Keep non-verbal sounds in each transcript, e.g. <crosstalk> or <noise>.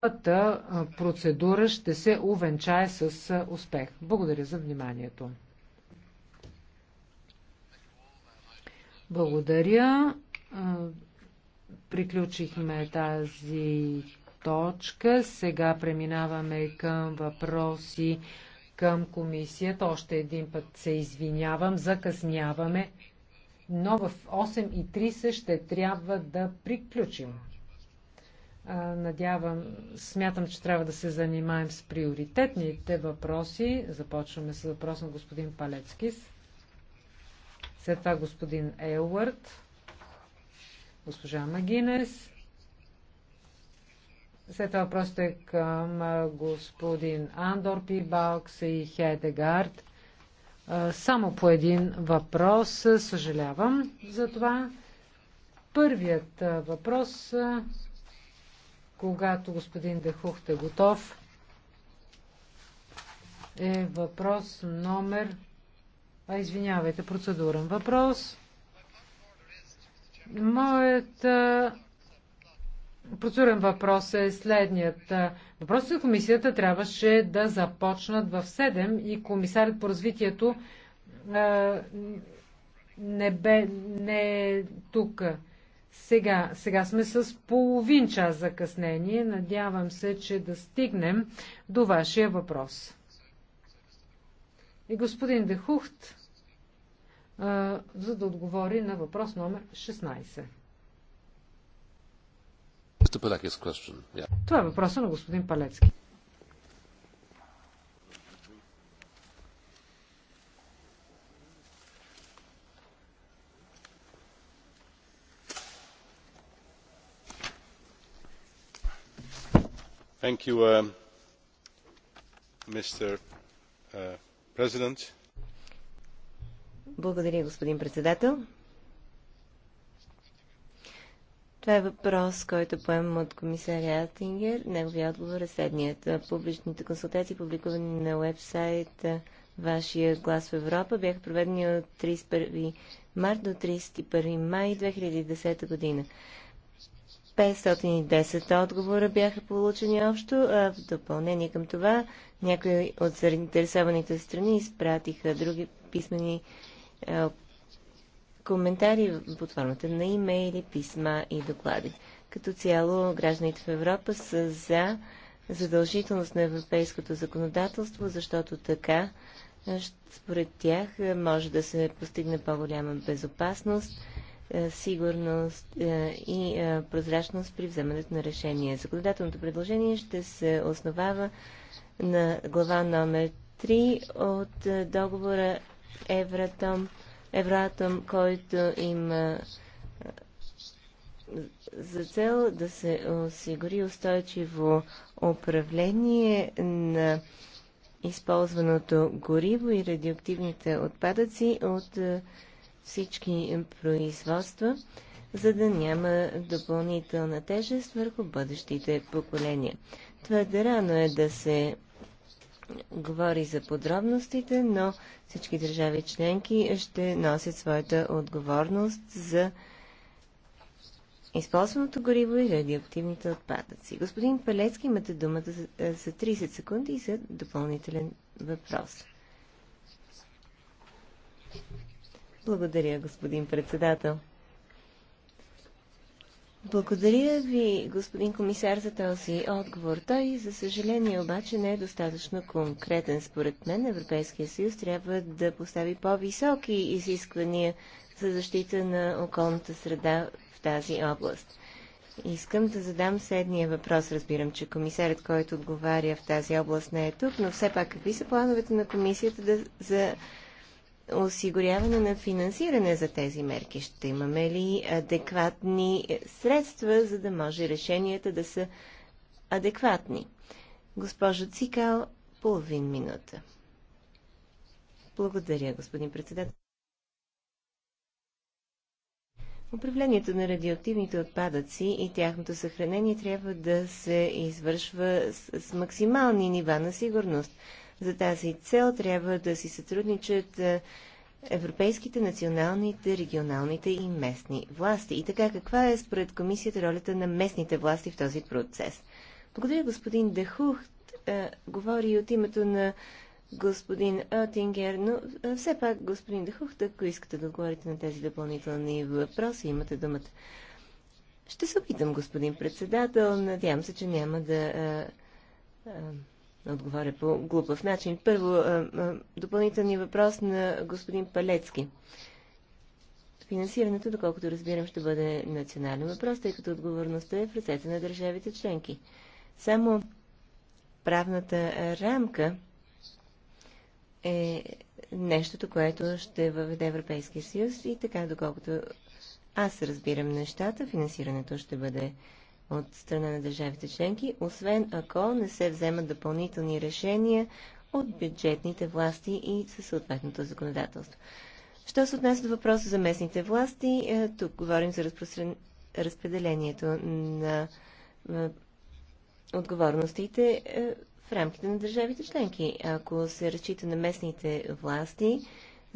Първата процедура ще се увенчае с успех. Благодаря за вниманието. Благодаря. Приключихме тази точка. Сега преминаваме към въпроси към комисията. Още един път се извинявам, закъсняваме, но в 8.30 ще трябва да приключим. Надявам, смятам, че трябва да се занимаем с приоритетните въпроси. Започваме с въпрос на господин Палецкис. След това господин Елвард, госпожа Магинес. След това въпросите към господин Андор Пибалкс и Хедегард. Само по един въпрос, съжалявам за това. Първият въпрос когато господин Дехухт е готов, е въпрос номер... А, извинявайте, процедурен въпрос. Моят процедурен въпрос е следният. Въпросите на комисията трябваше да започнат в 7 и комисарят по развитието не бе не е тук. Сега, сега сме с половин час закъснение. Надявам се, че да стигнем до вашия въпрос. И господин Дехухт, а, за да отговори на въпрос номер 16. Това е въпроса на господин Палецки. Uh, uh, Благодаря, господин председател. Това е въпрос, който поемам от комисаря Атингер. Неговия отговор е следният. Публичните консултации, публикувани на уебсайта Вашия глас в Европа, бяха проведени от 31 март до 31 май 2010 година. 510 отговора бяха получени общо, а в допълнение към това някои от заинтересованите страни изпратиха други писмени е, коментари под формата на имейли, писма и доклади. Като цяло гражданите в Европа са за задължителност на европейското законодателство, защото така според тях може да се постигне по-голяма безопасност е, сигурност е, и е, прозрачност при вземането на решение. Законодателното предложение ще се основава на глава номер 3 от договора Евратом, Евратом който има за цел да се осигури устойчиво управление на използваното гориво и радиоактивните отпадъци от всички производства, за да няма допълнителна тежест върху бъдещите поколения. Твърде рано е да се говори за подробностите, но всички държави членки ще носят своята отговорност за използваното гориво и радиоактивните отпадъци. Господин Палецки, имате думата за 30 секунди и за допълнителен въпрос. Благодаря, господин председател. Благодаря ви, господин комисар, за този отговор. Той, за съжаление, обаче не е достатъчно конкретен. Според мен Европейския съюз трябва да постави по-високи изисквания за защита на околната среда в тази област. Искам да задам следния въпрос. Разбирам, че комисарят, който отговаря в тази област, не е тук, но все пак какви са плановете на комисията да, за осигуряване на финансиране за тези мерки? Ще имаме ли адекватни средства, за да може решенията да са адекватни? Госпожо Цикал, половин минута. Благодаря, господин председател. Управлението на радиоактивните отпадъци и тяхното съхранение трябва да се извършва с, с максимални нива на сигурност. За тази цел трябва да си сътрудничат е, европейските, националните, регионалните и местни власти. И така, каква е според комисията ролята на местните власти в този процес? Благодаря, господин Дехух. Е, говори от името на господин Отингер, но е, все пак, господин Дехухт, ако искате да отговорите на тези допълнителни въпроси, имате думата. Ще се опитам, господин председател. Надявам се, че няма да а, а, отговоря по глупав начин. Първо, допълнителният въпрос на господин Палецки. Финансирането, доколкото разбирам, ще бъде национален въпрос, тъй като отговорността е в ръцете на държавите членки. Само правната рамка е нещото, което ще въведе Европейския съюз и така, доколкото аз разбирам нещата, финансирането ще бъде от страна на държавите членки, освен ако не се вземат допълнителни решения от бюджетните власти и със съответното законодателство. Що се отнася до въпроса за местните власти, е, тук говорим за разпростран... разпределението на е, отговорностите е, в рамките на държавите членки. Ако се разчита на местните власти,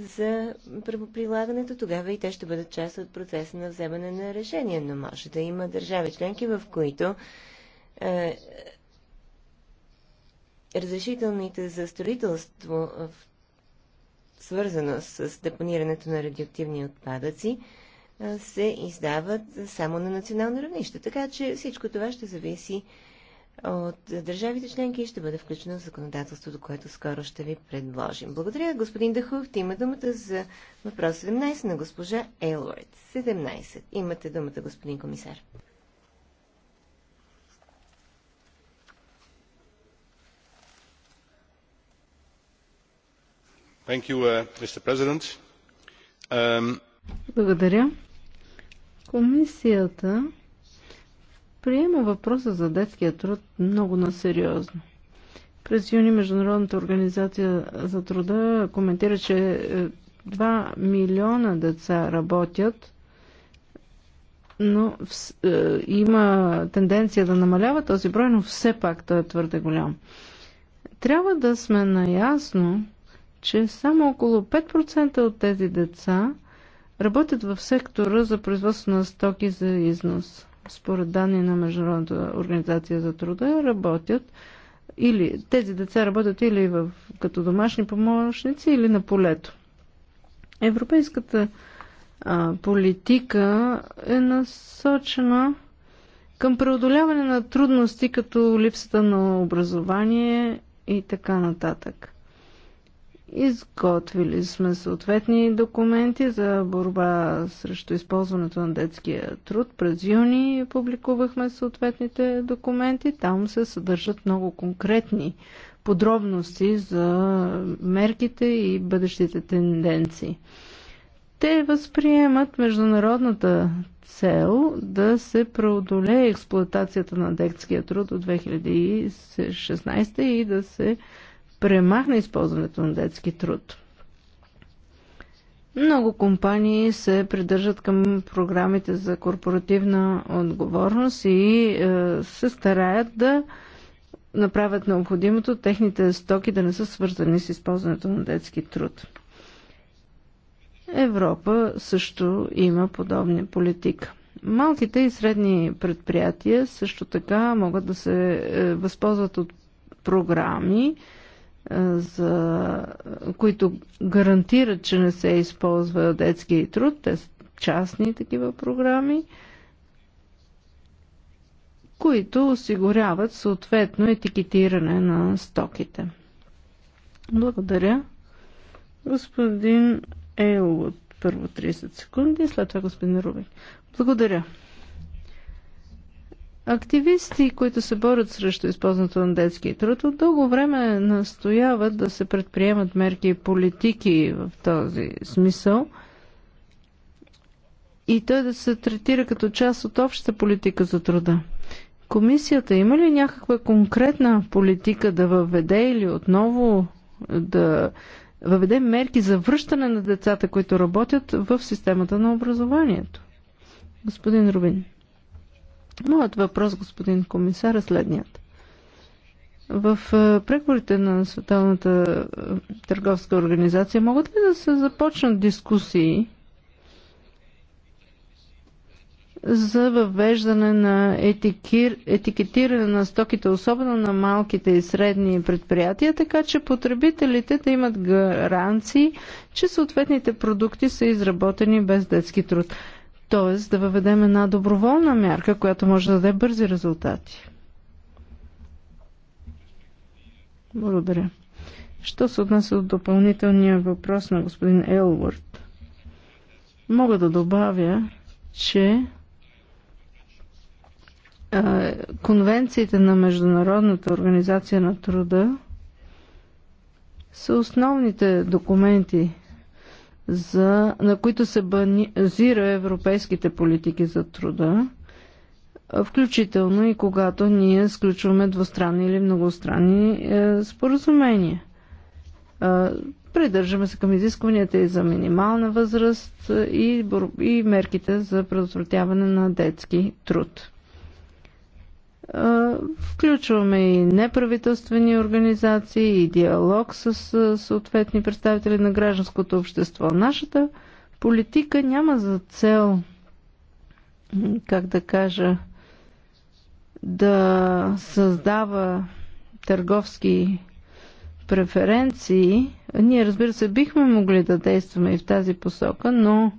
за правоприлагането, тогава и те ще бъдат част от процеса на вземане на решение. Но може да има държави членки, в които е, разрешителните за строителство, свързано с депонирането на радиоактивни отпадъци, е, се издават само на национално равнище. Така че всичко това ще зависи от държавите членки и ще бъде включено в законодателството, което скоро ще ви предложим. Благодаря, господин Дахов. Има думата за въпрос 17 на госпожа Ейлорд. 17. Имате думата, господин комисар. You, uh, um... Благодаря. Комисията приема въпроса за детския труд много насериозно. През юни Международната организация за труда коментира, че 2 е, милиона деца работят, но в, е, има тенденция да намалява този брой, но все пак той е твърде голям. Трябва да сме наясно, че само около 5% от тези деца работят в сектора за производство на стоки за износ според данни на Международната организация за труда, работят или тези деца работят или в, като домашни помощници, или на полето. Европейската а, политика е насочена към преодоляване на трудности, като липсата на образование и така нататък. Изготвили сме съответни документи за борба срещу използването на детския труд. През юни публикувахме съответните документи. Там се съдържат много конкретни подробности за мерките и бъдещите тенденции. Те възприемат международната цел да се преодолее експлуатацията на детския труд от 2016 и да се Премахна използването на детски труд. Много компании се придържат към програмите за корпоративна отговорност и е, се стараят да направят необходимото техните стоки да не са свързани с използването на детски труд. Европа също има подобни политика. Малките и средни предприятия също така могат да се е, възползват от програми, за, които гарантират, че не се използва детски труд. Те са частни такива програми, които осигуряват съответно етикетиране на стоките. Благодаря. Господин Ейл от първо 30 секунди, след това господин Рубин. Благодаря. Активисти, които се борят срещу използването на детски труд, от дълго време настояват да се предприемат мерки и политики в този смисъл и той да се третира като част от общата политика за труда. Комисията има ли някаква конкретна политика да въведе или отново да въведе мерки за връщане на децата, които работят в системата на образованието? Господин Рубин. Моят въпрос, господин комисар, е следният. В е, преговорите на Световната е, търговска организация могат ли да се започнат дискусии за въвеждане на етикир, етикетиране на стоките, особено на малките и средни предприятия, така че потребителите да имат гаранции, че съответните продукти са изработени без детски труд. Т.е. да въведем една доброволна мярка, която може да даде бързи резултати. Благодаря. Що се отнася до допълнителния въпрос на господин Елвард? Мога да добавя, че конвенциите на Международната организация на труда са основните документи, за, на които се базира европейските политики за труда, включително и когато ние сключваме двустранни или многостранни е, споразумения. Е, придържаме се към изискванията и за минимална възраст е, и, и мерките за предотвратяване на детски труд. Включваме и неправителствени организации и диалог с съответни представители на гражданското общество. Нашата политика няма за цел, как да кажа, да създава търговски преференции. Ние, разбира се, бихме могли да действаме и в тази посока, но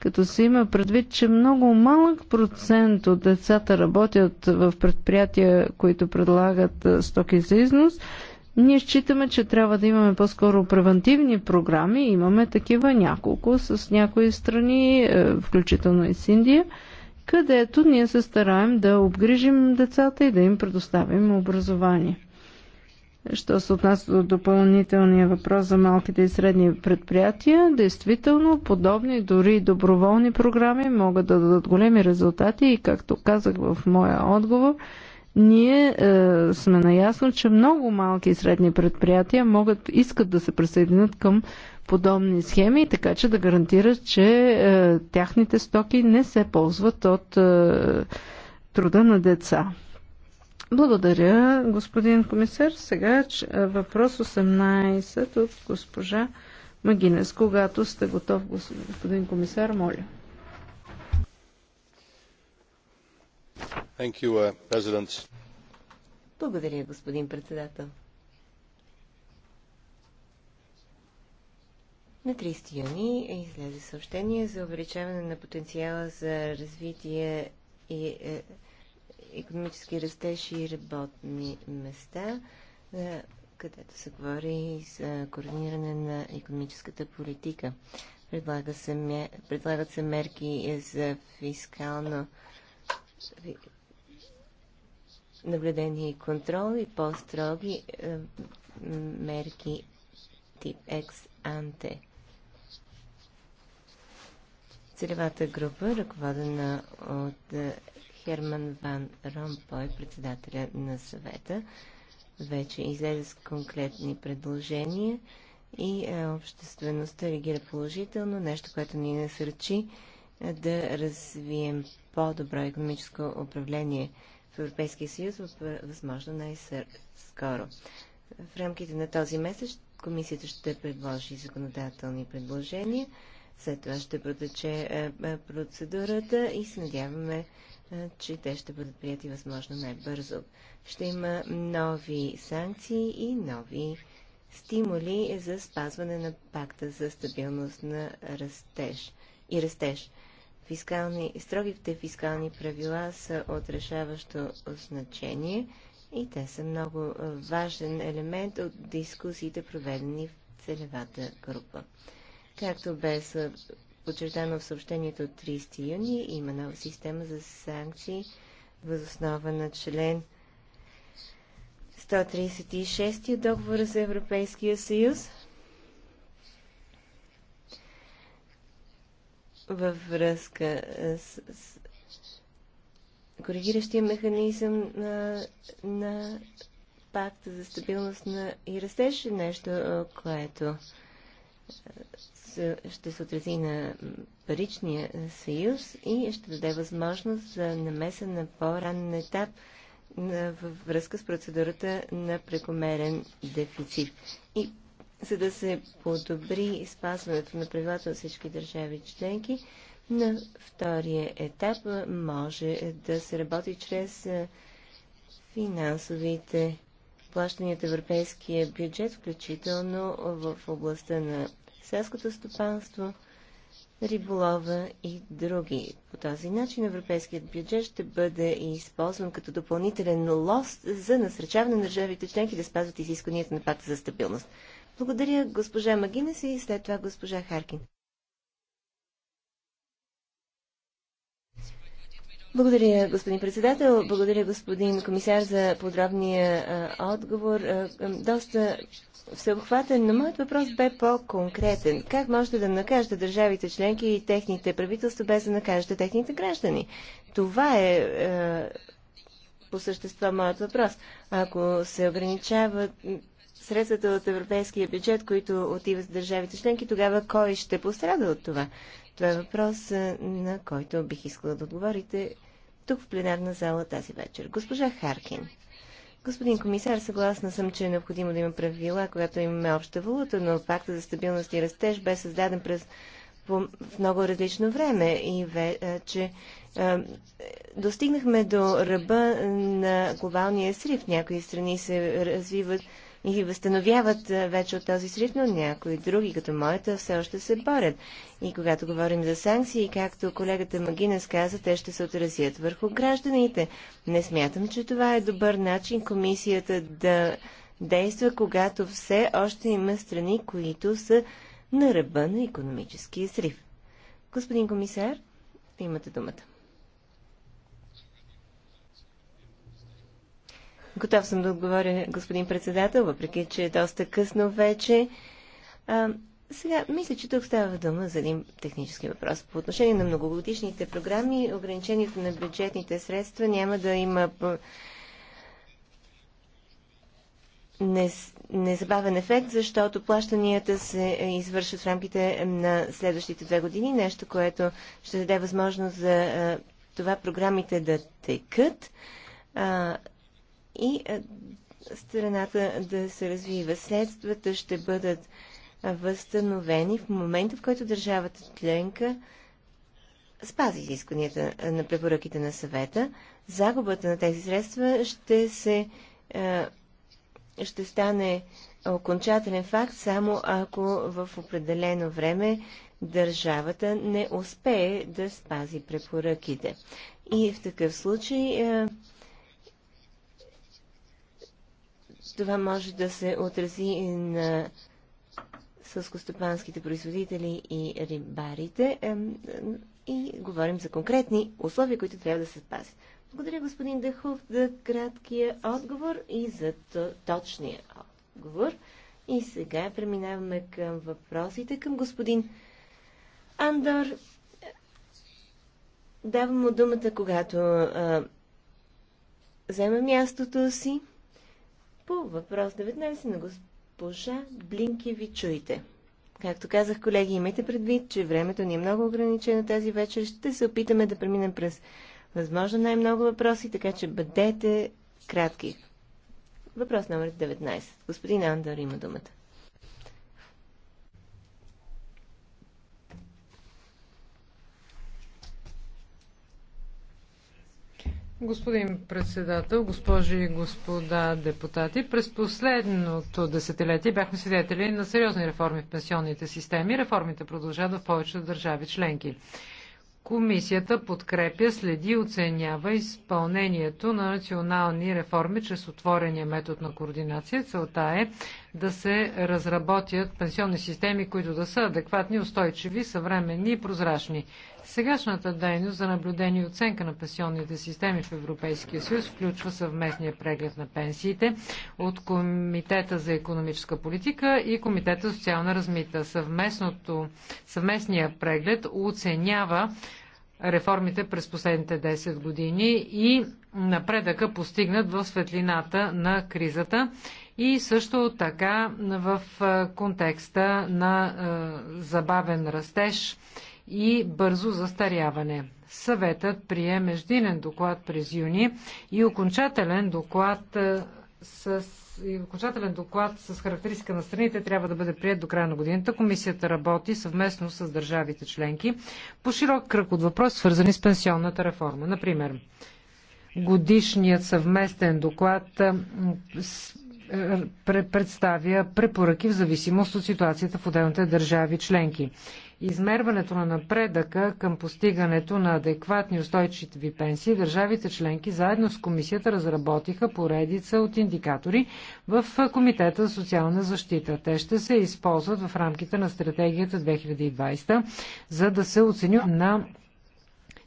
като се има предвид, че много малък процент от децата работят в предприятия, които предлагат стоки за износ, ние считаме, че трябва да имаме по-скоро превентивни програми. Имаме такива няколко с някои страни, е, включително и с Индия, където ние се стараем да обгрижим децата и да им предоставим образование. Що се отнася до допълнителния въпрос за малките и средни предприятия, действително подобни, дори доброволни програми могат да дадат големи резултати и както казах в моя отговор, ние е, сме наясно, че много малки и средни предприятия могат, искат да се присъединят към подобни схеми, така че да гарантират, че е, тяхните стоки не се ползват от е, труда на деца. Благодаря, господин комисар. Сега въпрос 18 от госпожа Магинес. Когато сте готов, господин комисар, моля. You, uh, Благодаря, господин председател. На 30 юни излезе съобщение за увеличаване на потенциала за развитие и е, економически растеж и работни места, е, където се говори за координиране на економическата политика. Предлага се, предлагат се мерки за фискално наблюдение и контрол и по-строги е, мерки тип ex-ante. Целевата група, ръководена от е, Херман Ван Ромпой, председателя на съвета, вече излезе с конкретни предложения и е, обществеността реагира положително, нещо, което ни насърчи е, да развием по-добро економическо управление в Европейския съюз, е, възможно най-скоро. В рамките на този месец комисията ще предложи законодателни предложения, след това ще протече процедурата и се надяваме че те ще бъдат прияти възможно най-бързо. Ще има нови санкции и нови стимули за спазване на пакта за стабилност на растеж и растеж. Фискални, строгите фискални правила са от решаващо значение и те са много важен елемент от дискусиите, проведени в целевата група. Както бе подчертано в съобщението от 30 юни, има нова система за санкции възоснова на член 136 от договора за Европейския съюз. Във връзка с, с коригиращия механизъм на, на пакта за стабилност на и растеж, е нещо, което ще се отрази на паричния съюз и ще даде възможност за намеса на по-ранен етап във връзка с процедурата на прекомерен дефицит. И за да се подобри спазването на правилата от всички държави членки, на втория етап може да се работи чрез финансовите плащания от европейския бюджет, включително в областта на селското стопанство, риболова и други. По този начин европейският бюджет ще бъде използван като допълнителен лост за насречаване на държавите членки да спазват изискванията на пакта за стабилност. Благодаря госпожа Магинес и след това госпожа Харкин. Благодаря, господин председател. Благодаря, господин комисар, за подробния а, отговор. А, доста всеобхватен, но моят въпрос бе по-конкретен. Как можете да накажете държавите членки и техните правителства, без да накажете техните граждани? Това е, е по същество моят въпрос. Ако се ограничават средствата от европейския бюджет, които отиват за държавите членки, тогава кой ще пострада от това? Това е въпрос, е, на който бих искала да отговорите тук в пленарна зала тази вечер. Госпожа Харкин. Господин комисар, съгласна съм, че е необходимо да има правила, когато имаме обща валута, но пакта за стабилност и растеж бе създаден през в много различно време и вече е, е, достигнахме до ръба на глобалния срив. Някои страни се развиват и възстановяват вече от този срив, но някои други, като моята, все още се борят. И когато говорим за санкции, както колегата Магинес каза, те ще се отразят върху гражданите. Не смятам, че това е добър начин комисията да действа, когато все още има страни, които са на ръба на економическия срив. Господин комисар, имате думата. Готов съм да отговоря, господин председател, въпреки че е доста късно вече. А, сега, мисля, че тук става дума за един технически въпрос. По отношение на многогодишните програми, ограничението на бюджетните средства няма да има незабавен ефект, защото плащанията се извършват в рамките на следващите две години, нещо, което ще даде възможност за това програмите да текат и е, страната да се развива. Следствата ще бъдат възстановени в момента, в който държавата членка спази изискванията е, на препоръките на съвета. Загубата на тези средства ще се е, ще стане окончателен факт само ако в определено време държавата не успее да спази препоръките. И в такъв случай Това може да се отрази на сълскостепанските производители и рибарите. И говорим за конкретни условия, които трябва да се спазят. Благодаря, господин Дъхов, за краткия отговор и за точния отговор. И сега преминаваме към въпросите към господин Андор. Давам му думата, когато а, взема мястото си. По въпрос 19 на госпожа Блинки ви чуйте. Както казах, колеги, имайте предвид, че времето ни е много ограничено тази вечер. Ще се опитаме да преминем през възможно най-много въпроси, така че бъдете кратки. Въпрос номер 19. Господин Андор има думата. Господин председател, госпожи и господа депутати, през последното десетилетие бяхме свидетели на сериозни реформи в пенсионните системи. Реформите продължават в повечето държави членки. Комисията подкрепя, следи и оценява изпълнението на национални реформи чрез отворения метод на координация. Целта е да се разработят пенсионни системи, които да са адекватни, устойчиви, съвременни и прозрачни. Сегашната дейност за наблюдение и оценка на пенсионните системи в Европейския съюз включва съвместния преглед на пенсиите от Комитета за економическа политика и Комитета за социална размита. Съвместното, съвместния преглед оценява реформите през последните 10 години и напредъка постигнат в светлината на кризата и също така в контекста на забавен растеж и бързо застаряване. Съветът прие междинен доклад през юни и окончателен доклад с и окончателен доклад с характеристика на страните трябва да бъде прият до края на годината. Комисията работи съвместно с държавите членки по широк кръг от въпроси, свързани с пенсионната реформа. Например, годишният съвместен доклад представя препоръки в зависимост от ситуацията в отделните държави членки измерването на напредъка към постигането на адекватни устойчиви пенсии, държавите членки заедно с комисията разработиха поредица от индикатори в Комитета за социална защита. Те ще се използват в рамките на стратегията 2020, за да се оцени на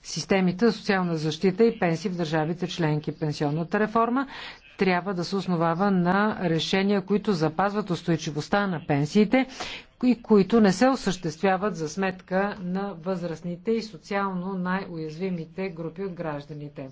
системите за социална защита и пенсии в държавите членки. Пенсионната реформа трябва да се основава на решения, които запазват устойчивостта на пенсиите, и които не се осъществяват за сметка на възрастните и социално най-уязвимите групи от гражданите.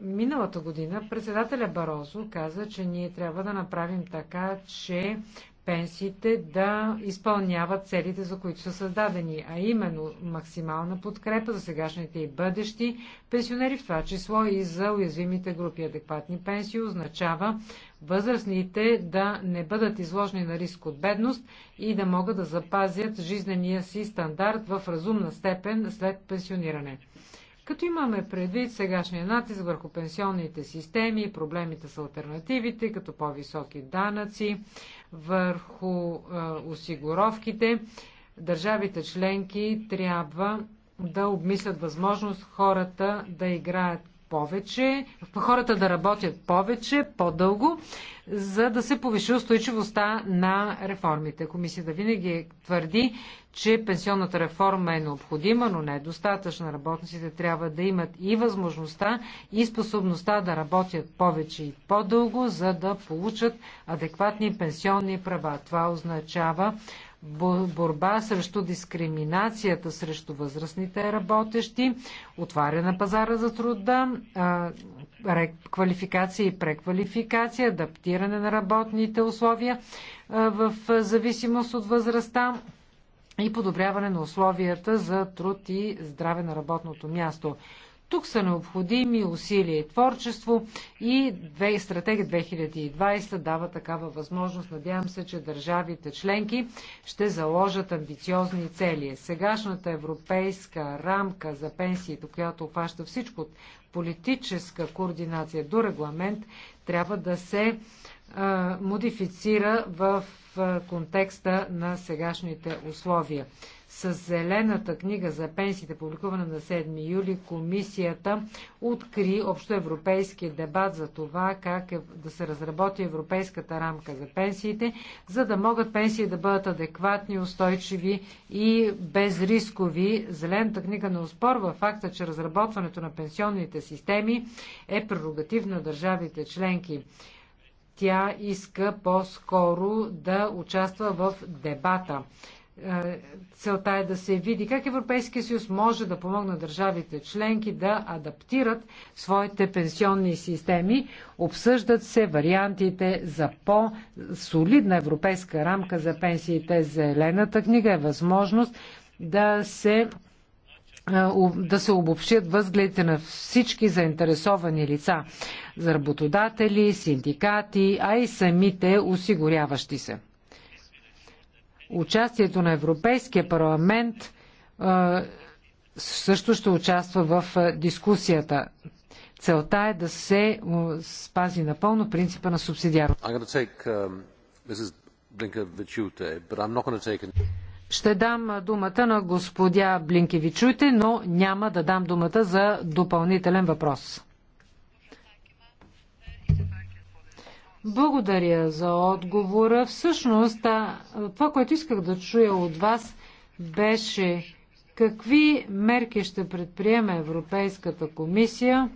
Миналата година председателя Барозо каза, че ние трябва да направим така, че пенсиите да изпълняват целите, за които са създадени, а именно максимална подкрепа за сегашните и бъдещи пенсионери, в това число и за уязвимите групи адекватни пенсии, означава възрастните да не бъдат изложени на риск от бедност и да могат да запазят жизнения си стандарт в разумна степен след пенсиониране. Като имаме предвид сегашния натиск върху пенсионните системи, проблемите с альтернативите, като по-високи данъци, върху осигуровките. Държавите членки трябва да обмислят възможност хората да играят повече, хората да работят повече, по-дълго, за да се повиши устойчивостта на реформите. Комисията винаги твърди, че пенсионната реформа е необходима, но не е достатъчна. Работниците трябва да имат и възможността, и способността да работят повече и по-дълго, за да получат адекватни пенсионни права. Това означава борба срещу дискриминацията срещу възрастните работещи, отваря на пазара за труда, квалификация и преквалификация, адаптиране на работните условия в зависимост от възрастта и подобряване на условията за труд и здраве на работното място. Тук са необходими усилия и творчество и стратегия 2020 дава такава възможност. Надявам се, че държавите членки ще заложат амбициозни цели. Сегашната европейска рамка за пенсиите, която обхваща всичко от политическа координация до регламент, трябва да се а, модифицира в а, контекста на сегашните условия. С зелената книга за пенсиите, публикувана на 7 юли, комисията откри общоевропейския дебат за това как е, да се разработи европейската рамка за пенсиите, за да могат пенсии да бъдат адекватни, устойчиви и безрискови. Зелената книга не успорва факта, че разработването на пенсионните системи е прерогатив на държавите членки тя иска по-скоро да участва в дебата. Е, целта е да се види как Европейския съюз може да помогне държавите членки да адаптират своите пенсионни системи. Обсъждат се вариантите за по-солидна европейска рамка за пенсиите. Зелената книга е възможност да се е, да се обобщят възгледите на всички заинтересовани лица за работодатели, синдикати, а и самите осигуряващи се участието на Европейския парламент също ще участва в дискусията. Целта е да се спази напълно принципа на субсидиарност. Um, ще дам думата на господя Блинкевичуйте, но няма да дам думата за допълнителен въпрос. Благодаря за отговора. Всъщност, това, което исках да чуя от вас, беше какви мерки ще предприеме Европейската комисия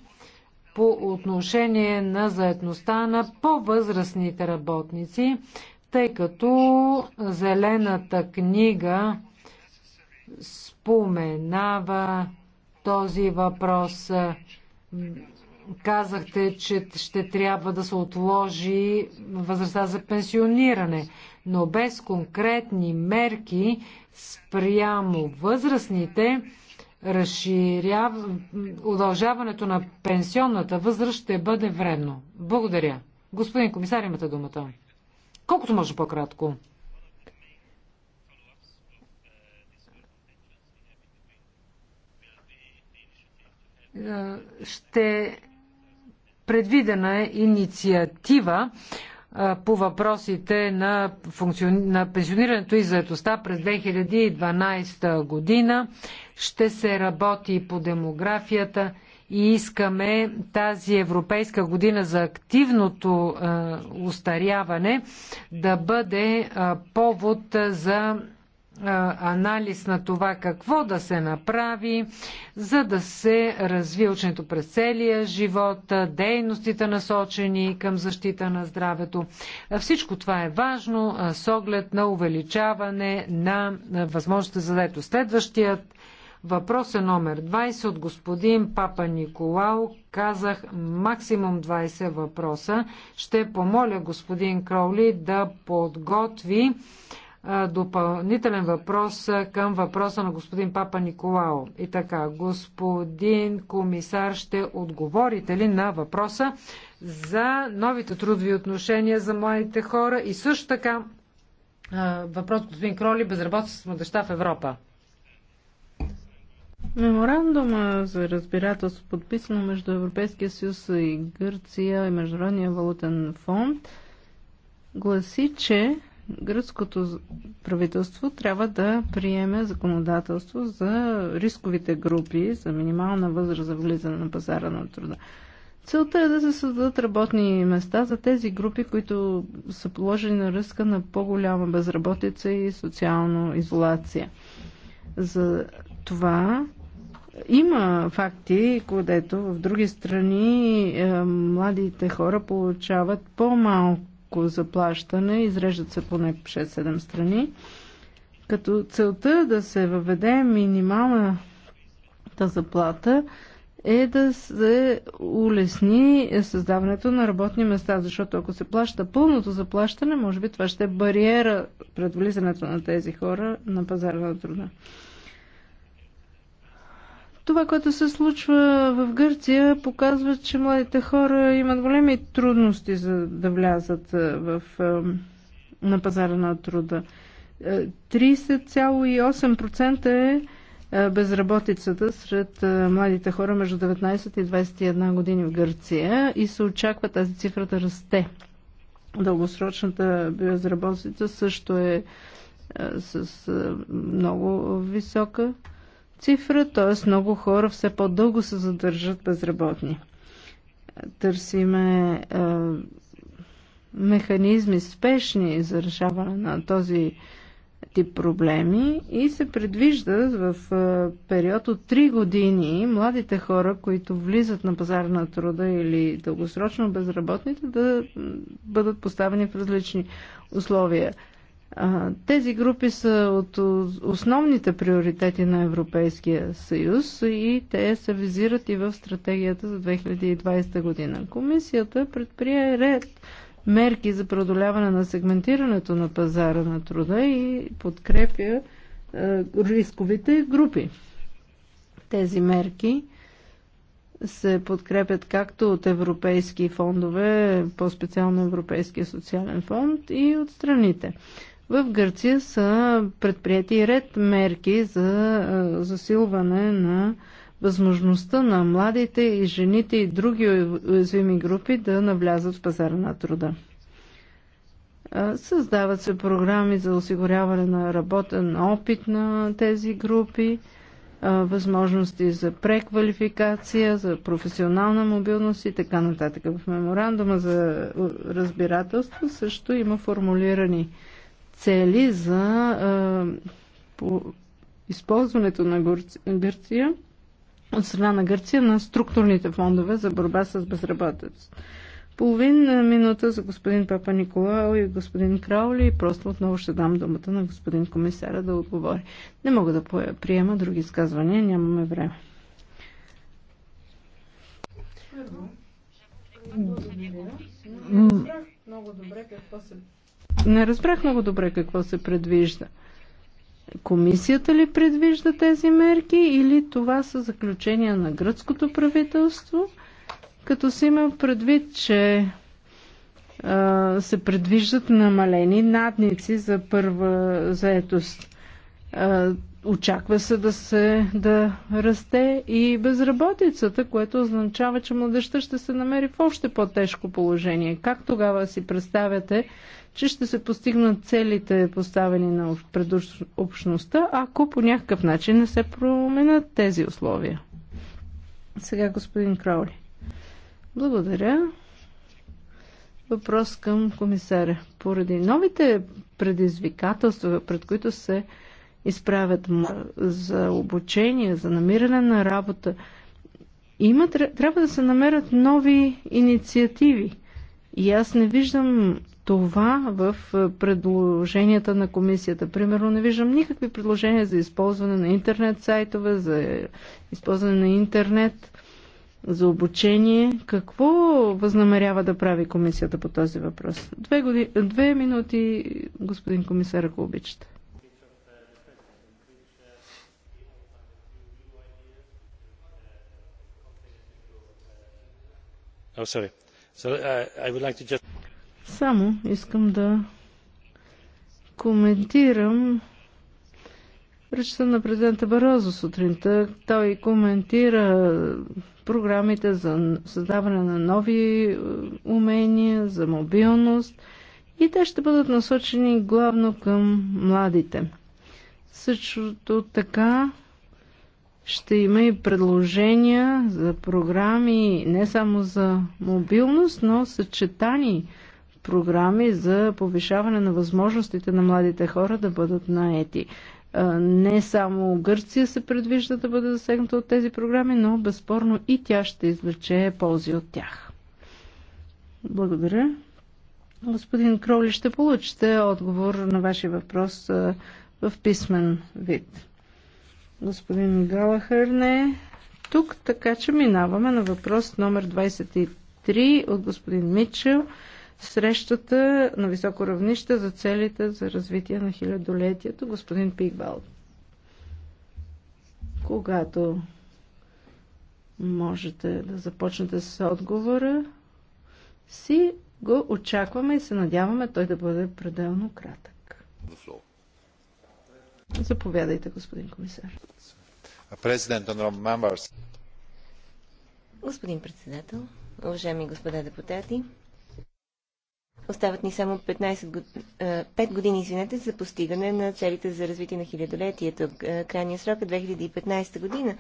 по отношение на заедността на по-възрастните работници, тъй като Зелената книга споменава този въпрос. Казахте, че ще трябва да се отложи възрастта за пенсиониране, но без конкретни мерки спрямо възрастните, разширяв... удължаването на пенсионната възраст ще бъде вредно. Благодаря. Господин комисар, имате думата. Колкото може по-кратко. Е, ще Предвидена е инициатива по въпросите на, функци... на пенсионирането и заедостта през 2012 година. Ще се работи по демографията и искаме тази Европейска година за активното е, устаряване да бъде е, повод за анализ на това какво да се направи, за да се развие ученето през целия живот, дейностите насочени към защита на здравето. Всичко това е важно с оглед на увеличаване на възможността за дето. Следващият въпрос е номер 20 от господин Папа Николао. Казах максимум 20 въпроса. Ще помоля господин Кроули да подготви допълнителен въпрос към въпроса на господин Папа Николао. И така, господин комисар, ще отговорите ли на въпроса за новите трудови отношения за младите хора и също така въпрос господин Кроли, безработица с младеща в Европа? Меморандума за разбирателство, подписано между Европейския съюз и Гърция и Международния валутен фонд, гласи, че гръцкото правителство трябва да приеме законодателство за рисковите групи, за минимална възраст за влизане на пазара на труда. Целта е да се създадат работни места за тези групи, които са положени на ръска на по-голяма безработица и социална изолация. За това има факти, където в други страни е, младите хора получават по-малко ниско заплащане, изреждат се поне 6-7 страни, като целта да се въведе минималната заплата е да се улесни създаването на работни места, защото ако се плаща пълното заплащане, може би това ще е бариера пред влизането на тези хора на пазара на труда. Това, което се случва в Гърция, показва, че младите хора имат големи трудности за да влязат е, в, е, на пазара на труда. 30,8% е, е безработицата сред младите хора между 19 и 21 години в Гърция и се очаква тази цифра да расте. Дългосрочната безработица също е с много висока цифра, т.е. много хора все по-дълго се задържат безработни. Търсиме е, механизми спешни за решаване на този тип проблеми и се предвижда в период от 3 години младите хора, които влизат на пазара на труда или дългосрочно безработните, да бъдат поставени в различни условия. Тези групи са от основните приоритети на Европейския съюз и те се визират и в стратегията за 2020 година. Комисията предприе ред мерки за преодоляване на сегментирането на пазара на труда и подкрепя рисковите групи. Тези мерки се подкрепят както от европейски фондове, по-специално Европейския социален фонд и от страните. В Гърция са предприяти ред мерки за засилване на възможността на младите и жените и други уязвими групи да навлязат в пазара на труда. Създават се програми за осигуряване на работен опит на тези групи, възможности за преквалификация, за професионална мобилност и така нататък. В меморандума за разбирателство също има формулирани цели за а, по използването на Гърция от страна на Гърция на структурните фондове за борба с безработица. Половин минута за господин Папа Николао и господин Краули и просто отново ще дам думата на господин комисара да отговори. Не мога да приема други изказвания, нямаме време. много добре какво се не разбрах много добре какво се предвижда. Комисията ли предвижда тези мерки или това са заключения на гръцкото правителство, като се има предвид, че а, се предвиждат намалени надници за първа заетост. Очаква се да се да расте и безработицата, което означава, че младеща ще се намери в още по-тежко положение. Как тогава си представяте, че ще се постигнат целите поставени на общността, ако по някакъв начин не се променят тези условия? Сега господин Краули. Благодаря. Въпрос към комисаря. Поради новите предизвикателства, пред които се изправят за обучение, за намиране на работа. Има, трябва да се намерят нови инициативи. И аз не виждам това в е, предложенията на комисията. Примерно не виждам никакви предложения за използване на интернет сайтове, за използване на интернет, за обучение. Какво възнамерява да прави комисията по този въпрос? Две, години, Две минути, господин комисар, ако обичате. Oh, so, uh, like just... Само искам да коментирам речта на президента Барозо сутринта. Той коментира програмите за създаване на нови е, умения, за мобилност и те ще бъдат насочени главно към младите. Същото така ще има и предложения за програми не само за мобилност, но съчетани програми за повишаване на възможностите на младите хора да бъдат наети. Не само Гърция се предвижда да бъде засегната от тези програми, но безспорно и тя ще извлече ползи от тях. Благодаря. Господин Кроли, ще получите отговор на вашия въпрос в писмен вид. Господин Галахър не е тук, така че минаваме на въпрос номер 23 от господин Мичел. Срещата на високо равнище за целите за развитие на хилядолетието, господин Пигбал. Когато можете да започнете с отговора си, го очакваме и се надяваме той да бъде пределно кратък. The floor. Заповядайте, господин комисар. Господин председател, уважаеми господа депутати, остават ни само 15 год... 5 е, години извинете, за постигане на целите за развитие на хилядолетието. Е, крайният срок е 2015 година,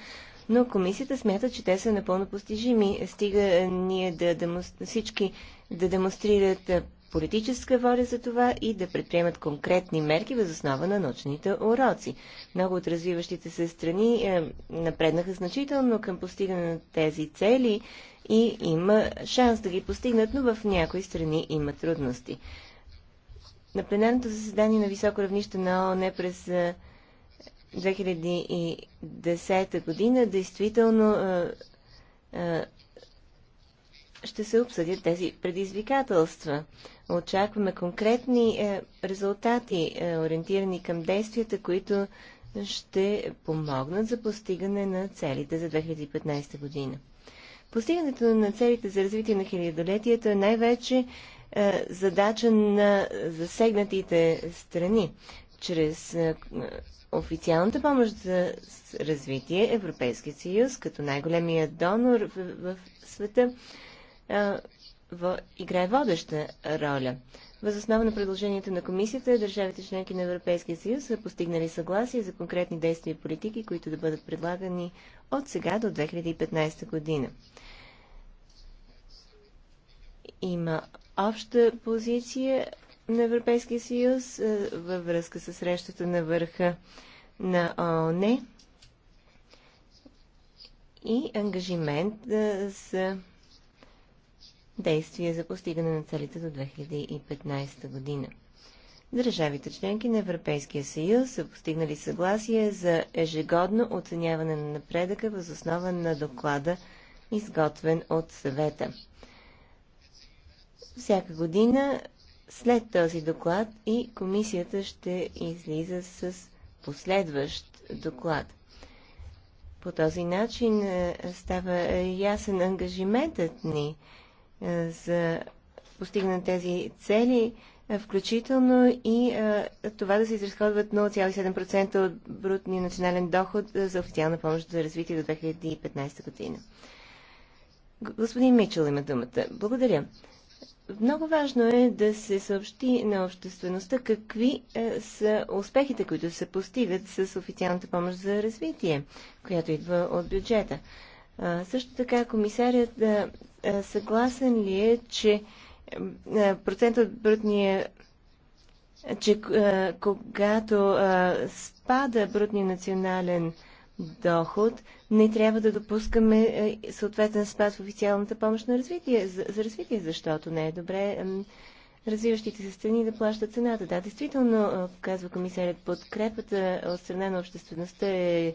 но комисията смята, че те са напълно постижими. Стига е, ние да, да всички да демонстрират политическа воля за това и да предприемат конкретни мерки въз основа на научните уроци. Много от развиващите се страни е, напреднаха значително към постигане на тези цели и има шанс да ги постигнат, но в някои страни има трудности. На пленарното заседание на високо равнище на ООН през 2010 е, година действително е, е ще се обсъдят тези предизвикателства. Очакваме конкретни е, резултати, е, ориентирани към действията, които ще помогнат за постигане на целите за 2015 година. Постигането на целите за развитие на хилядолетието е най-вече е, задача на засегнатите страни чрез официалната помощ за развитие Европейския съюз, като най-големия донор в света, играе водеща роля. Въз основа на предложението на комисията, държавите членки на Европейския съюз са постигнали съгласие за конкретни действия и политики, които да бъдат предлагани от сега до 2015 година. Има обща позиция на Европейския съюз във връзка с срещата на върха на ООН и ангажимент за действия за постигане на целите до 2015 година. Държавите членки на Европейския съюз са постигнали съгласие за ежегодно оценяване на напредъка въз основа на доклада, изготвен от съвета. Всяка година след този доклад и комисията ще излиза с последващ доклад. По този начин е, става ясен ангажиментът ни е, за постигане на тези цели, е, включително и е, това да се изразходват 0,7% от брутния национален доход за официална помощ за развитие до 2015 година. Господин Мичел има думата. Благодаря. Много важно е да се съобщи на обществеността какви са успехите, които се постигат с официалната помощ за развитие, която идва от бюджета. също така комисарят да е, съгласен ли е, че е, е, процентът от брутния че когато спада брутния национален доход, не трябва да допускаме съответен спад в официалната помощ на развитие, за, развитие, защото не е добре развиващите се страни да плащат цената. Да, действително, казва комисарят, подкрепата от страна на обществеността е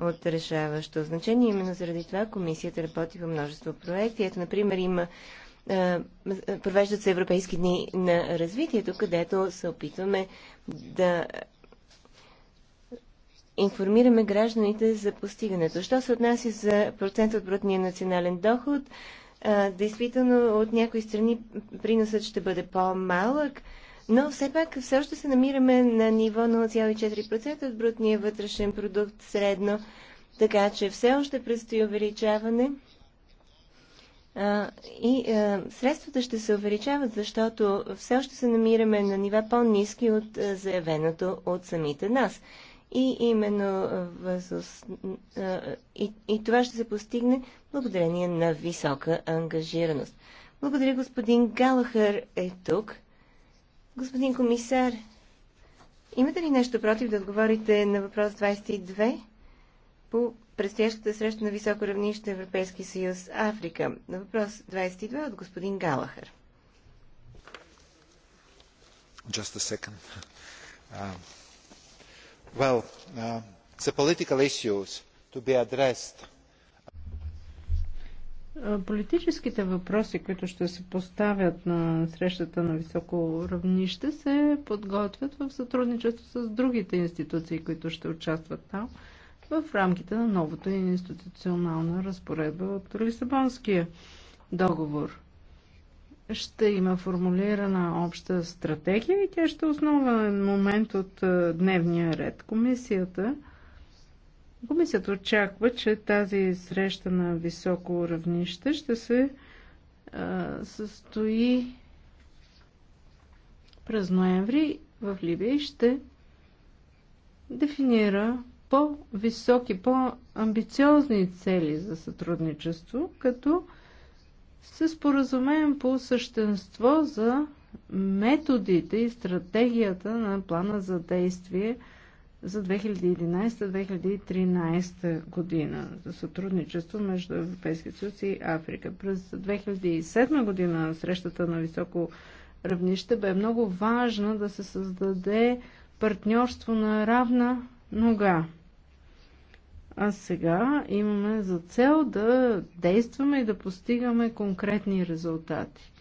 от решаващо значение. Именно заради това комисията работи в множество проекти. Ето, например, има провеждат се Европейски дни на развитието, където се опитваме да информираме гражданите за постигането. Що се отнася за процент от брутния национален доход, действително от някои страни приносът ще бъде по-малък, но все пак все още се намираме на ниво 0,4% от брутния вътрешен продукт средно, така че все още предстои увеличаване. А, и а, средствата ще се увеличават, защото все още се намираме на нива по-низки от а, заявеното от самите нас. И именно възос... и, и това ще се постигне благодарение на висока ангажираност. Благодаря господин Галахър е тук. Господин комисар, имате ли нещо против да отговорите на въпрос 22 по предстоящата среща на високо равнище Европейски съюз Африка? На въпрос 22 от господин Галахър. Just a second. Uh, well, uh, the political issues to be addressed Политическите въпроси, които ще се поставят на срещата на високо равнище, се подготвят в сътрудничество с другите институции, които ще участват там, в рамките на новата институционална разпоредба от Лисабонския договор. Ще има формулирана обща стратегия и тя ще е основен момент от дневния ред. Комисията Комисията очаква, че тази среща на високо равнище ще се а, състои през ноември в Либия и ще дефинира по-високи, по-амбициозни цели за сътрудничество, като се споразумеем по същество за методите и стратегията на плана за действие – за 2011-2013 година за сътрудничество между Европейския съюз и Африка. През 2007 година срещата на високо равнище бе много важна да се създаде партньорство на равна нога. А сега имаме за цел да действаме и да постигаме конкретни резултати.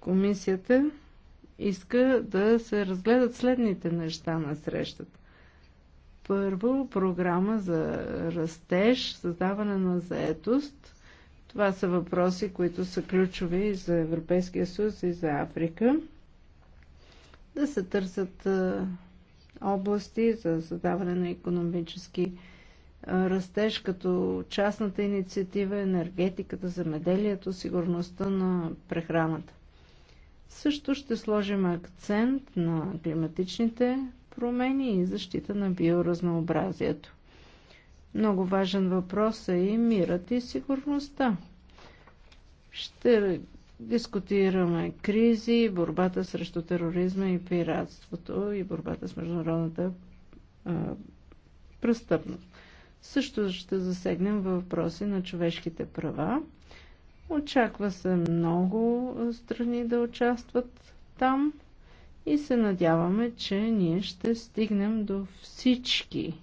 Комисията иска да се разгледат следните неща на срещата първо, програма за растеж, създаване на заетост. Това са въпроси, които са ключови за Европейския съюз и за Африка. Да се търсят области за създаване на економически растеж, като частната инициатива, енергетиката, замеделието, сигурността на прехраната. Също ще сложим акцент на климатичните промени и защита на биоразнообразието. Много важен въпрос е и мирът и сигурността. Ще дискутираме кризи, борбата срещу тероризма и пиратството и борбата с международната а, престъпност. Също ще засегнем въпроси на човешките права. Очаква се много страни да участват там и се надяваме, че ние ще стигнем до всички,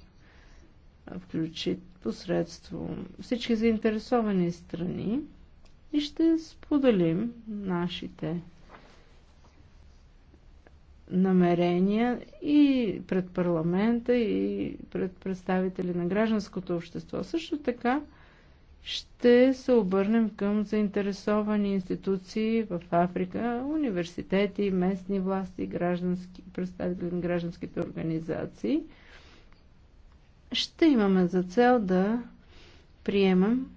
включително посредством всички заинтересовани страни и ще споделим нашите намерения и пред парламента, и пред представители на гражданското общество. Също така, ще се обърнем към заинтересовани институции в Африка, университети, местни власти, граждански, представители на гражданските организации. Ще имаме за цел да приемем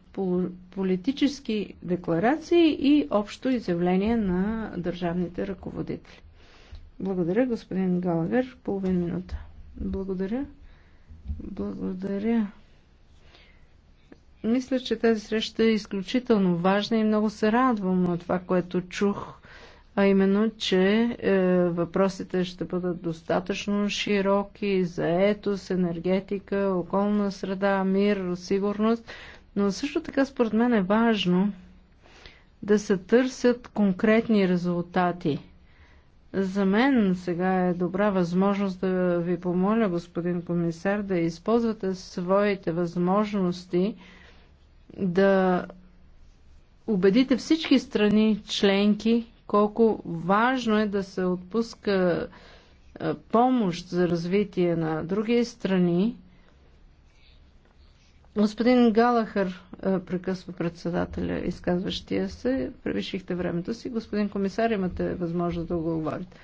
политически декларации и общо изявление на държавните ръководители. Благодаря, господин Галагер. Половин минута. Благодаря. Благодаря. Мисля, че тази среща е изключително важна и много се радвам на това, което чух, а именно, че е, въпросите ще бъдат достатъчно широки за етос, енергетика, околна среда, мир, сигурност. Но също така, според мен е важно да се търсят конкретни резултати. За мен сега е добра възможност да ви помоля, господин комисар, да използвате своите възможности да убедите всички страни членки колко важно е да се отпуска помощ за развитие на други страни. Господин Галахър прекъсва председателя, изказващия се. Превишихте времето си. Господин комисар, имате възможност да го говорите.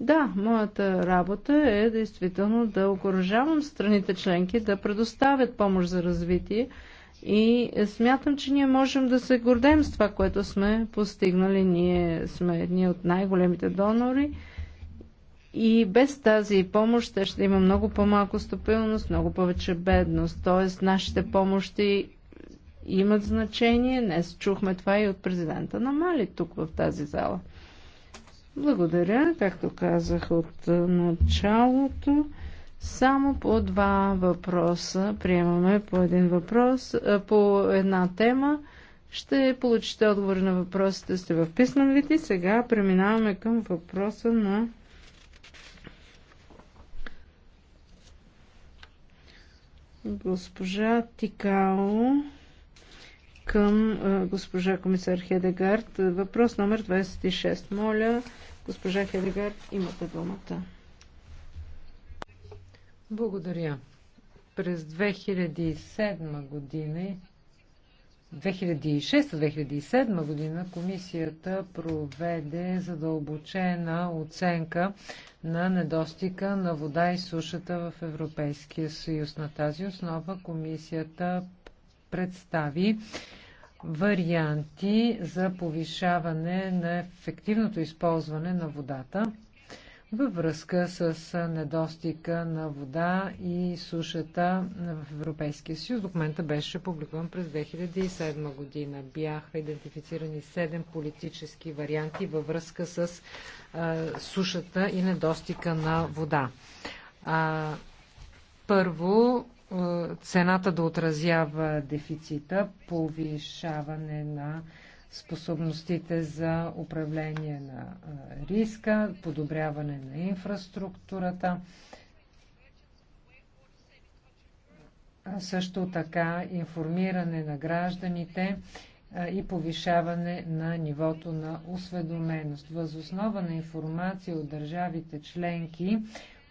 Да, моята работа е действително да окоръжавам страните членки да предоставят помощ за развитие и смятам, че ние можем да се гордем с това, което сме постигнали. Ние сме едни от най-големите донори. И без тази помощ те ще има много по-малко стопилност, много повече бедност. Тоест, нашите помощи имат значение. Днес чухме това и от президента на Мали тук в тази зала. Благодаря, както казах от началото. Само по два въпроса приемаме по един въпрос, по една тема. Ще получите отговор на въпросите сте в писмен вид и сега преминаваме към въпроса на госпожа Тикао към госпожа комисар Хедегард. Въпрос номер 26. Моля, госпожа Хедегард, имате думата. Благодаря. През 2007 година 2006-2007 година комисията проведе задълбочена оценка на недостига на вода и сушата в Европейския съюз. На тази основа комисията представи варианти за повишаване на ефективното използване на водата във връзка с недостига на вода и сушата в Европейския съюз. Документа беше публикуван през 2007 година. Бяха идентифицирани 7 политически варианти във връзка с а, сушата и недостига на вода. А, първо, цената да отразява дефицита, повишаване на а, способностите за управление на риска, подобряване на инфраструктурата, също така информиране на гражданите и повишаване на нивото на осведоменост. Възоснова на информация от държавите членки,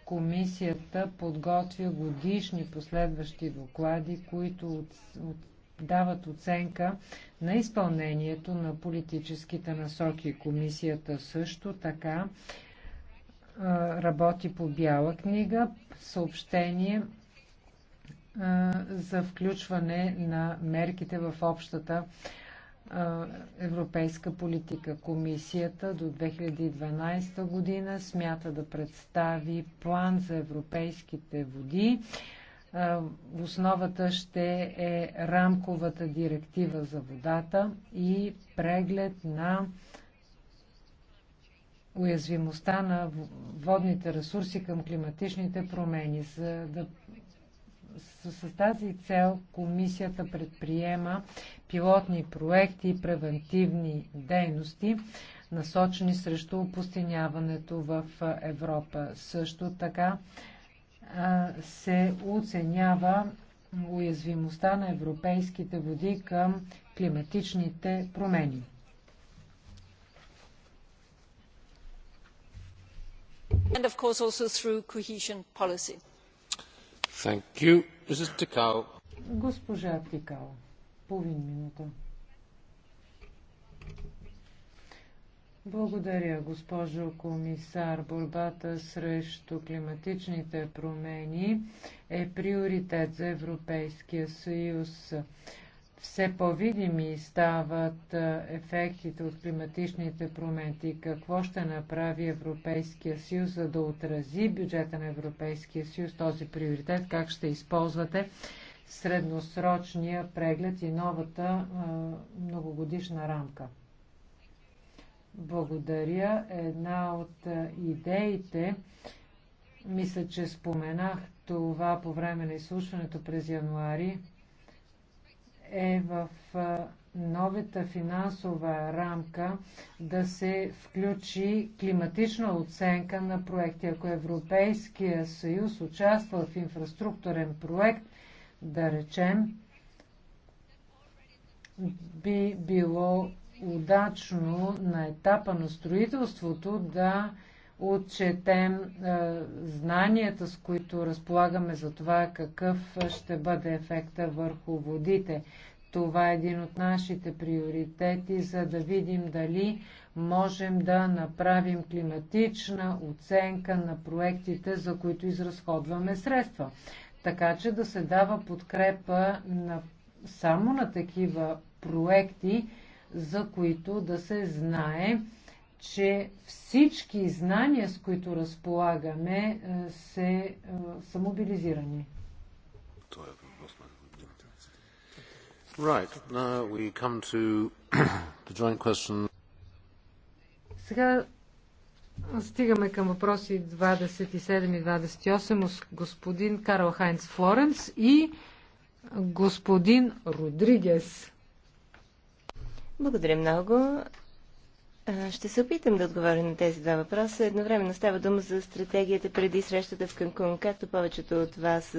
комисията подготвя годишни последващи доклади, които от, от, дават оценка на изпълнението на политическите насоки. Комисията също така работи по бяла книга, съобщение за включване на мерките в общата европейска политика. Комисията до 2012 година смята да представи план за европейските води Основата ще е рамковата директива за водата и преглед на уязвимостта на водните ресурси към климатичните промени. За да с, с тази цел комисията предприема пилотни проекти и превентивни дейности, насочени срещу опустеняването в Европа. Също така се оценява уязвимостта на европейските води към климатичните промени. and of course also through cohesion policy. Thank you. Mrs. Госпожа Тикал, половин минута. Благодаря, госпожо комисар. Борбата срещу климатичните промени е приоритет за Европейския съюз. Все по-видими стават ефектите от климатичните промени. Какво ще направи Европейския съюз, за да отрази бюджета на Европейския съюз този приоритет? Как ще използвате средносрочния преглед и новата многогодишна рамка? Благодаря. Една от идеите, мисля, че споменах това по време на изслушването през януари, е в новата финансова рамка да се включи климатична оценка на проекти. Ако Европейския съюз участва в инфраструктурен проект, да речем, би било удачно на етапа на строителството да отчетем е, знанията, с които разполагаме за това какъв ще бъде ефекта върху водите. Това е един от нашите приоритети, за да видим дали можем да направим климатична оценка на проектите, за които изразходваме средства. Така че да се дава подкрепа на, само на такива проекти, за които да се знае, че всички знания, с които разполагаме, е, се, е, са мобилизирани. Е right. Now we come to <clears throat> the joint question. Сега стигаме към въпроси 27 и 28 господин Карл Хайнц Флоренс и господин Родригес. Благодаря много. Ще се опитам да отговоря на тези два въпроса. Едновременно става дума за стратегията преди срещата в Канкун. Както повечето от вас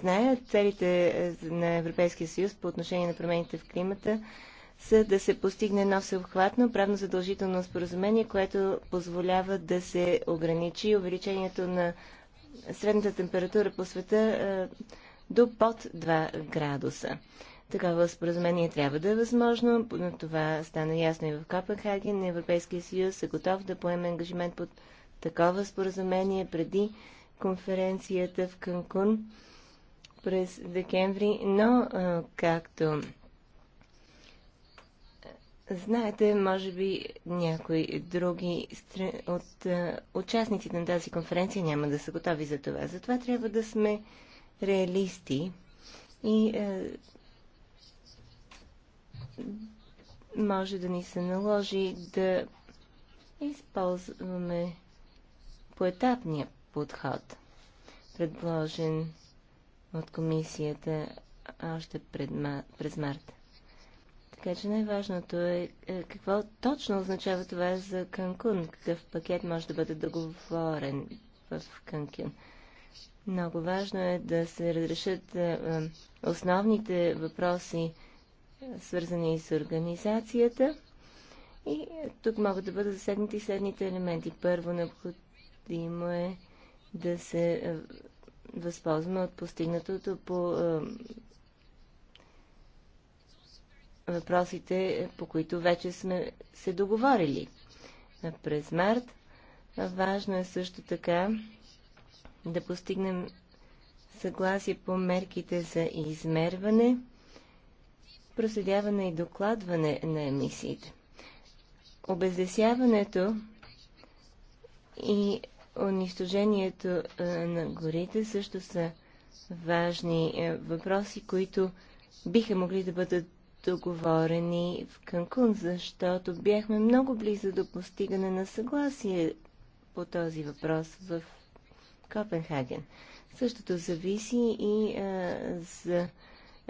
знаят, целите на Европейския съюз по отношение на промените в климата са да се постигне едно всеобхватно правно задължително споразумение, което позволява да се ограничи увеличението на средната температура по света до под 2 градуса. Такова споразумение трябва да е възможно, но това стана ясно и в Копенхаген. Европейския съюз е готов да поеме ангажимент под такова споразумение преди конференцията в Канкун през декември, но както знаете, може би някои други от участниците на тази конференция няма да са готови за това. Затова трябва да сме реалисти и може да ни се наложи да използваме поетапния подход, предложен от комисията още пред, през март. Така че най-важното е, е какво точно означава това за Канкун, какъв пакет може да бъде договорен в Канкун. Много важно е да се разрешат е, е, основните въпроси, свързани с организацията. И тук могат да бъдат засегнати следните елементи. Първо, необходимо е да се е, възползваме от постигнатото по е, въпросите, по които вече сме се договорили през март. Важно е също така да постигнем съгласие по мерките за измерване проследяване и докладване на емисиите. Обездесяването и унищожението на горите също са важни въпроси, които биха могли да бъдат договорени в Канкун, защото бяхме много близо до постигане на съгласие по този въпрос в Копенхаген. Същото зависи и а, за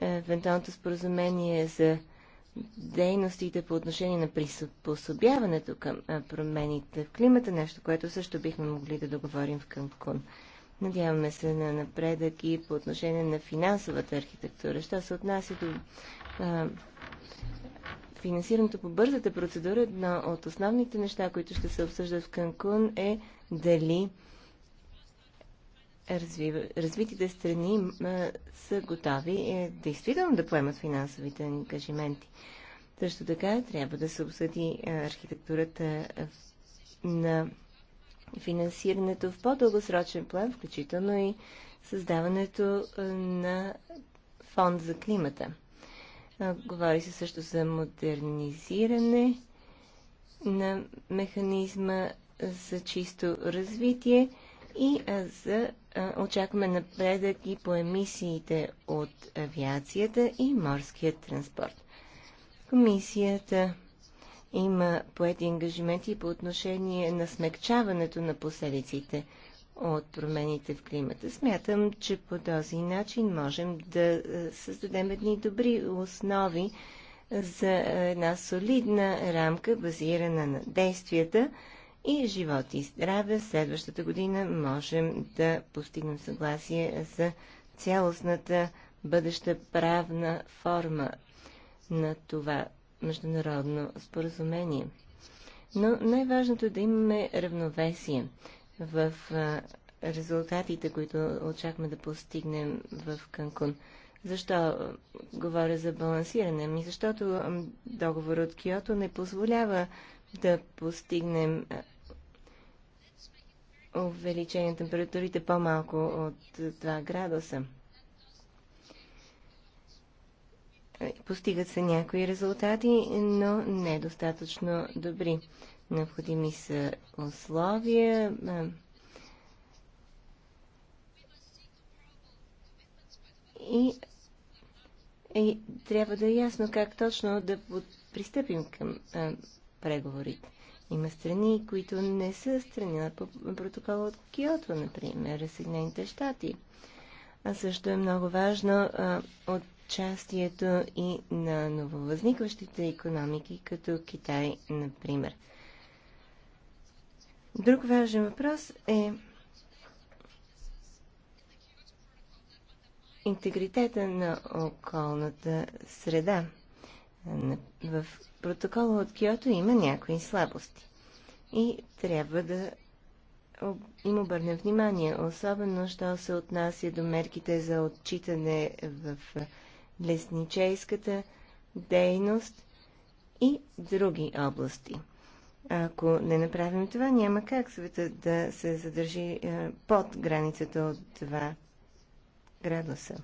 евентуалното споразумение за дейностите по отношение на приспособяването към промените в климата, нещо, което също бихме могли да договорим в Канкун. Надяваме се на напредък и по отношение на финансовата архитектура. Що се отнася до а, финансирането по бързата процедура, едно от основните неща, които ще се обсъждат в Канкун е дали разви... развитите страни а, са готови е, действително да поемат финансовите ангажименти. Също така трябва да се обсъди архитектурата на финансирането в по-дългосрочен план, включително и създаването на фонд за климата. Говори се също за модернизиране на механизма за чисто развитие и за, очакваме напредък и по емисиите от авиацията и морския транспорт. Комисията има поети ангажименти по отношение на смягчаването на последиците от промените в климата. Смятам, че по този начин можем да създадем едни добри основи за една солидна рамка, базирана на действията, и живот и здраве. Следващата година можем да постигнем съгласие за цялостната бъдеща правна форма на това международно споразумение. Но най-важното е да имаме равновесие в резултатите, които очакваме да постигнем в Канкун. Защо говоря за балансиране? Ми защото договорът от Киото не позволява да постигнем увеличение на температурите по-малко от 2 градуса. Постигат се някои резултати, но недостатъчно добри. Необходими са условия, и, и трябва да е ясно как точно да пристъпим към преговори. Има страни, които не са страни по протокола от Киото, например, Съединените щати. А също е много важно а, участието и на нововъзникващите економики, като Китай, например. Друг важен въпрос е интегритета на околната среда. В протокола от Киото има някои слабости. И трябва да им обърнем внимание, особено, що се отнася до мерките за отчитане в лесничейската дейност и други области. Ако не направим това, няма как света да се задържи е, под границата от 2 градуса.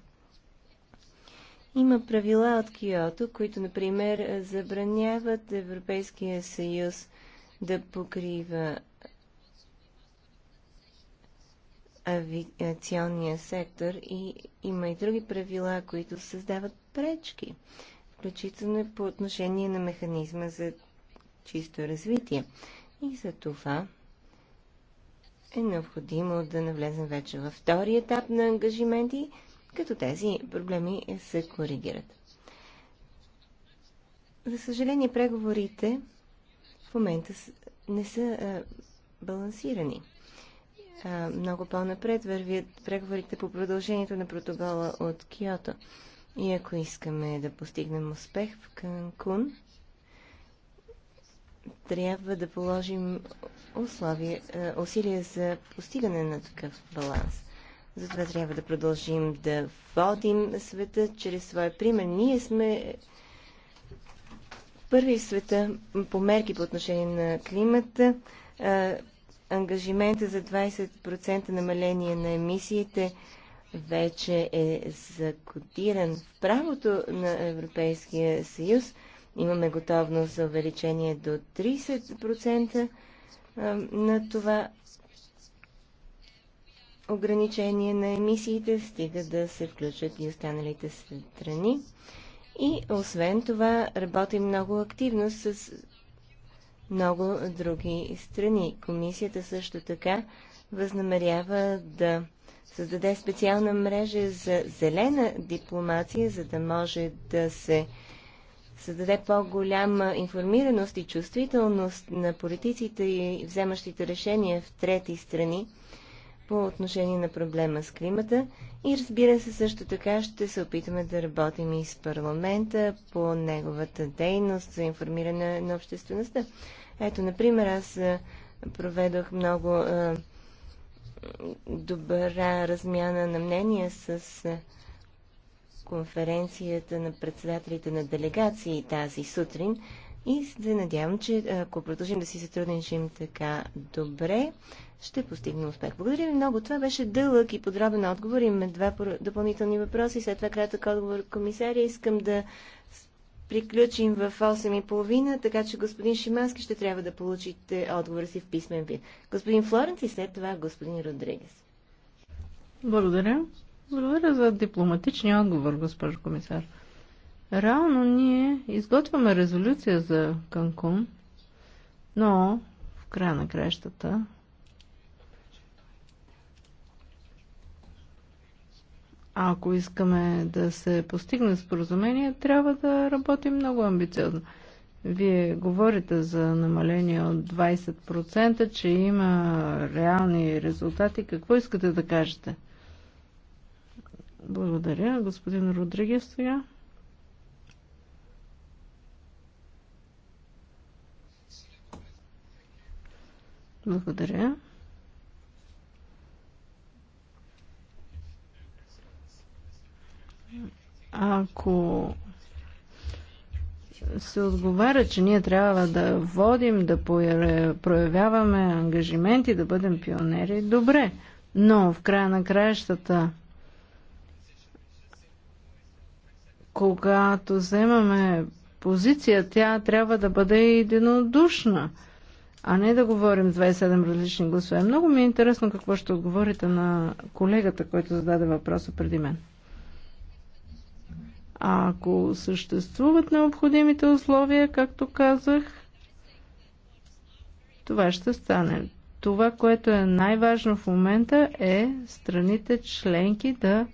Има правила от Киото, които, например, е, забраняват Европейския съюз да покрива авиационния сектор и има и други правила, които създават пречки, включително по отношение на механизма за чисто развитие. И за това е необходимо да навлезем вече във втори етап на ангажименти – като тези проблеми се коригират. За съжаление, преговорите в момента не са а, балансирани. А, много по-напред вървят преговорите по продължението на протокола от Киото. И ако искаме да постигнем успех в Канкун, трябва да положим условия, усилия за постигане на такъв баланс. Затова трябва да продължим да водим света чрез своя пример. Ние сме първи в света по мерки по отношение на климата. Ангажимента за 20% намаление на емисиите вече е закодиран в правото на Европейския съюз. Имаме готовност за увеличение до 30% на това ограничение на емисиите, стига да се включат и останалите страни. И освен това работим много активно с много други страни. Комисията също така възнамерява да създаде специална мрежа за зелена дипломация, за да може да се създаде по-голяма информираност и чувствителност на политиците и вземащите решения в трети страни по отношение на проблема с климата и разбира се също така ще се опитаме да работим и с парламента по неговата дейност за информиране на обществеността. Ето, например, аз проведох много е, добра размяна на мнения с конференцията на председателите на делегации тази сутрин и се надявам, че ако продължим да си сътрудничим така добре, ще постигне успех. Благодаря ви много. Това беше дълъг и подробен отговор. Имаме два допълнителни въпроси. След това кратък отговор комисария. Искам да приключим в 8.30, така че господин Шимански ще трябва да получите отговора си в писмен вид. Господин Флоренц и след това господин Родригес. Благодаря. Благодаря за дипломатичния отговор, госпожо комисар. Реално ние изготвяме резолюция за Канкун, но в края на кращата Ако искаме да се постигне споразумение, трябва да работим много амбициозно. Вие говорите за намаление от 20%, че има реални резултати. Какво искате да кажете? Благодаря. Господин Родригес сега. Благодаря. Ако се отговаря, че ние трябва да водим, да проявяваме ангажименти, да бъдем пионери, добре. Но в края на краищата, когато вземаме позиция, тя трябва да бъде единодушна, а не да говорим 27 различни гласове. Много ми е интересно какво ще отговорите на колегата, който зададе въпроса преди мен. А ако съществуват необходимите условия, както казах, това ще стане. Това, което е най-важно в момента е страните членки да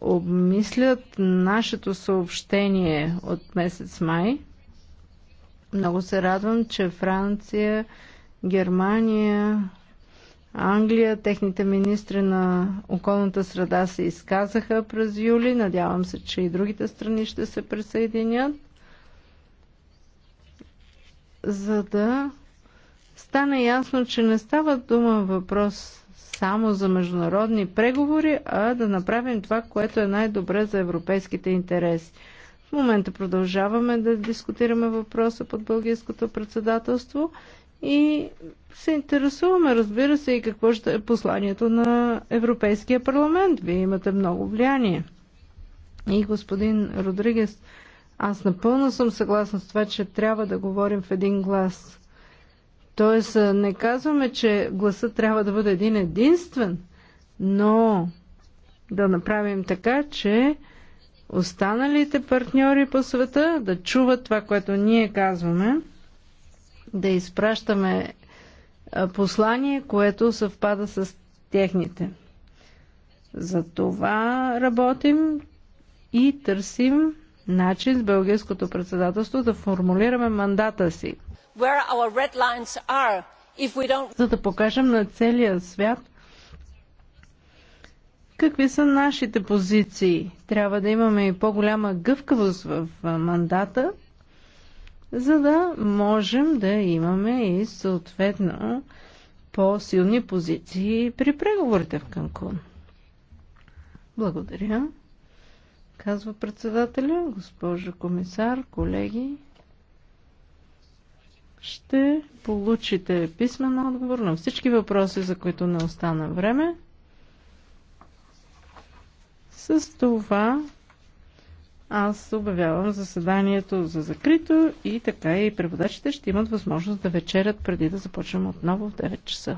обмислят нашето съобщение от месец май. Много се радвам, че Франция, Германия, Англия. Техните министри на околната среда се изказаха през юли. Надявам се, че и другите страни ще се присъединят, за да стане ясно, че не става дума въпрос само за международни преговори, а да направим това, което е най-добре за европейските интереси. В момента продължаваме да дискутираме въпроса под българското председателство и се интересуваме, разбира се, и какво ще е посланието на Европейския парламент. Вие имате много влияние. И господин Родригес, аз напълно съм съгласна с това, че трябва да говорим в един глас. Тоест, не казваме, че гласът трябва да бъде един единствен, но да направим така, че останалите партньори по света да чуват това, което ние казваме да изпращаме послание, което съвпада с техните. За това работим и търсим начин с Белгийското председателство да формулираме мандата си. Are, за да покажем на целия свят какви са нашите позиции. Трябва да имаме и по-голяма гъвкавост в мандата, за да можем да имаме и съответно по-силни позиции при преговорите в Канкун. Благодаря. Казва председателя, госпожо комисар, колеги. Ще получите писмен отговор на всички въпроси, за които не остана време. С това аз обявявам заседанието за закрито и така и преводачите ще имат възможност да вечерят преди да започнем отново в 9 часа.